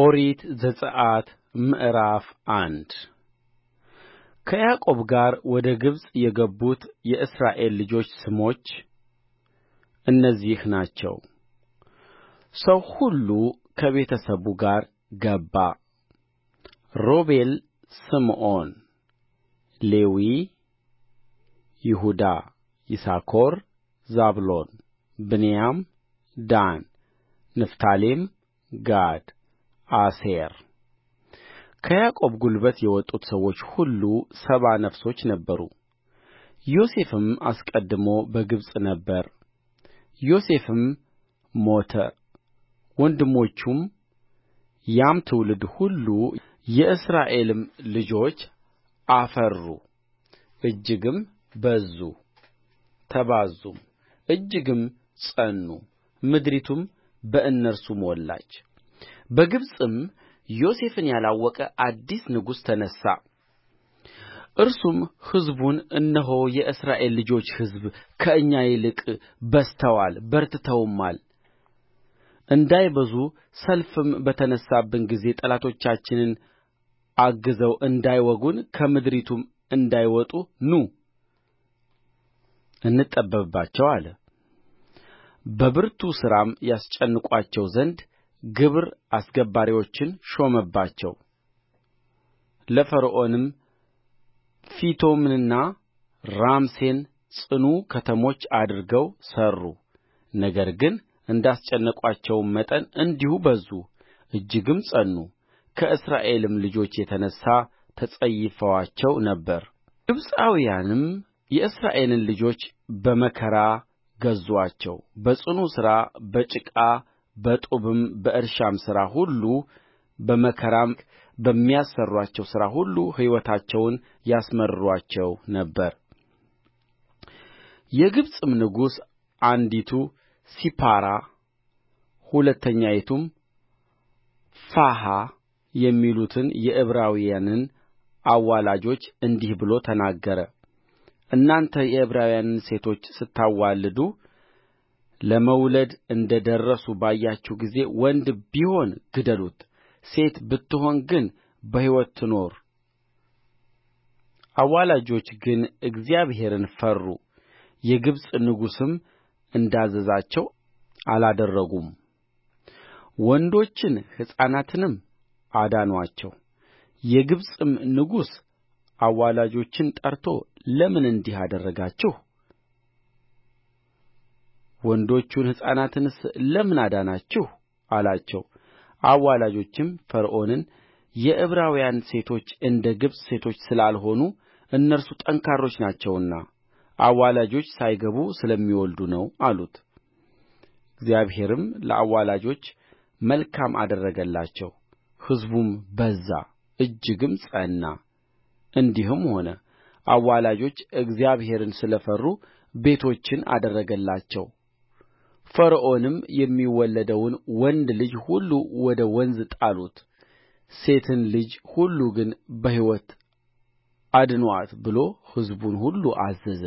ኦሪት ዘጽአት ምዕራፍ አንድ ከያዕቆብ ጋር ወደ ግብፅ የገቡት የእስራኤል ልጆች ስሞች እነዚህ ናቸው ሰው ሁሉ ከቤተሰቡ ጋር ገባ ሮቤል ስምዖን ሌዊ ይሁዳ ይሳኮር ዛብሎን ብንያም ዳን ንፍታሌም ጋድ አሴር ከያዕቆብ ጕልበት የወጡት ሰዎች ሁሉ ሰባ ነፍሶች ነበሩ ዮሴፍም አስቀድሞ በግብፅ ነበረ ዮሴፍም ሞተ ወንድሞቹም ያም ትውልድ ሁሉ የእስራኤልም ልጆች አፈሩ እጅግም በዙ ተባዙም እጅግም ጸኑ ምድሪቱም በእነርሱ ሞላች በግብፅም ዮሴፍን ያላወቀ አዲስ ንጉሥ ተነሣ እርሱም ሕዝቡን እነሆ የእስራኤል ልጆች ሕዝብ ከእኛ ይልቅ በዝተዋል በርትተውማል እንዳይበዙ ሰልፍም በተነሳብን ጊዜ ጠላቶቻችንን አግዘው እንዳይወጉን ከምድሪቱም እንዳይወጡ ኑ እንጠበብባቸው አለ በብርቱ ሥራም ያስጨንቁአቸው ዘንድ ግብር አስገባሪዎችን ሾመባቸው ለፈርዖንም ፊቶምንና ራምሴን ጽኑ ከተሞች አድርገው ሠሩ ነገር ግን እንዳስጨነቁአቸውም መጠን እንዲሁ በዙ እጅግም ጸኑ ከእስራኤልም ልጆች የተነሣ ተጸይፈዋቸው ነበር ግብፃውያንም የእስራኤልን ልጆች በመከራ ገዙአቸው በጽኑ ሥራ በጭቃ በጡብም በእርሻም ሥራ ሁሉ በመከራም በሚያሠሩአቸው ሥራ ሁሉ ሕይወታቸውን ያስመርሩአቸው ነበር የግብፅም ንጉሥ አንዲቱ ሲፓራ ሁለተኛይቱም ፉሐ የሚሉትን የዕብራውያንን አዋላጆች እንዲህ ብሎ ተናገረ እናንተ የዕብራውያንን ሴቶች ስታዋልዱ ለመውለድ እንደ ደረሱ ባያችሁ ጊዜ ወንድ ቢሆን ግደሉት ሴት ብትሆን ግን በሕይወት ትኑር አዋላጆች ግን እግዚአብሔርን ፈሩ የግብፅ ንጉሥም እንዳዘዛቸው አላደረጉም ወንዶችን ሕፃናትንም አዳኑአቸው የግብፅም ንጉሥ አዋላጆችን ጠርቶ ለምን እንዲህ አደረጋችሁ ወንዶቹን ሕፃናትንስ ለምን አዳናችሁ አላቸው አዋላጆችም ፈርዖንን የዕብራውያን ሴቶች እንደ ግብፅ ሴቶች ስላልሆኑ እነርሱ ጠንካሮች ናቸውና አዋላጆች ሳይገቡ ስለሚወልዱ ነው አሉት እግዚአብሔርም ለአዋላጆች መልካም አደረገላቸው ሕዝቡም በዛ እጅግም ጸና እንዲህም ሆነ አዋላጆች እግዚአብሔርን ስለ ፈሩ ቤቶችን አደረገላቸው ፈርዖንም የሚወለደውን ወንድ ልጅ ሁሉ ወደ ወንዝ ጣሉት ሴትን ልጅ ሁሉ ግን በሕይወት አድኑአት ብሎ ሕዝቡን ሁሉ አዘዘ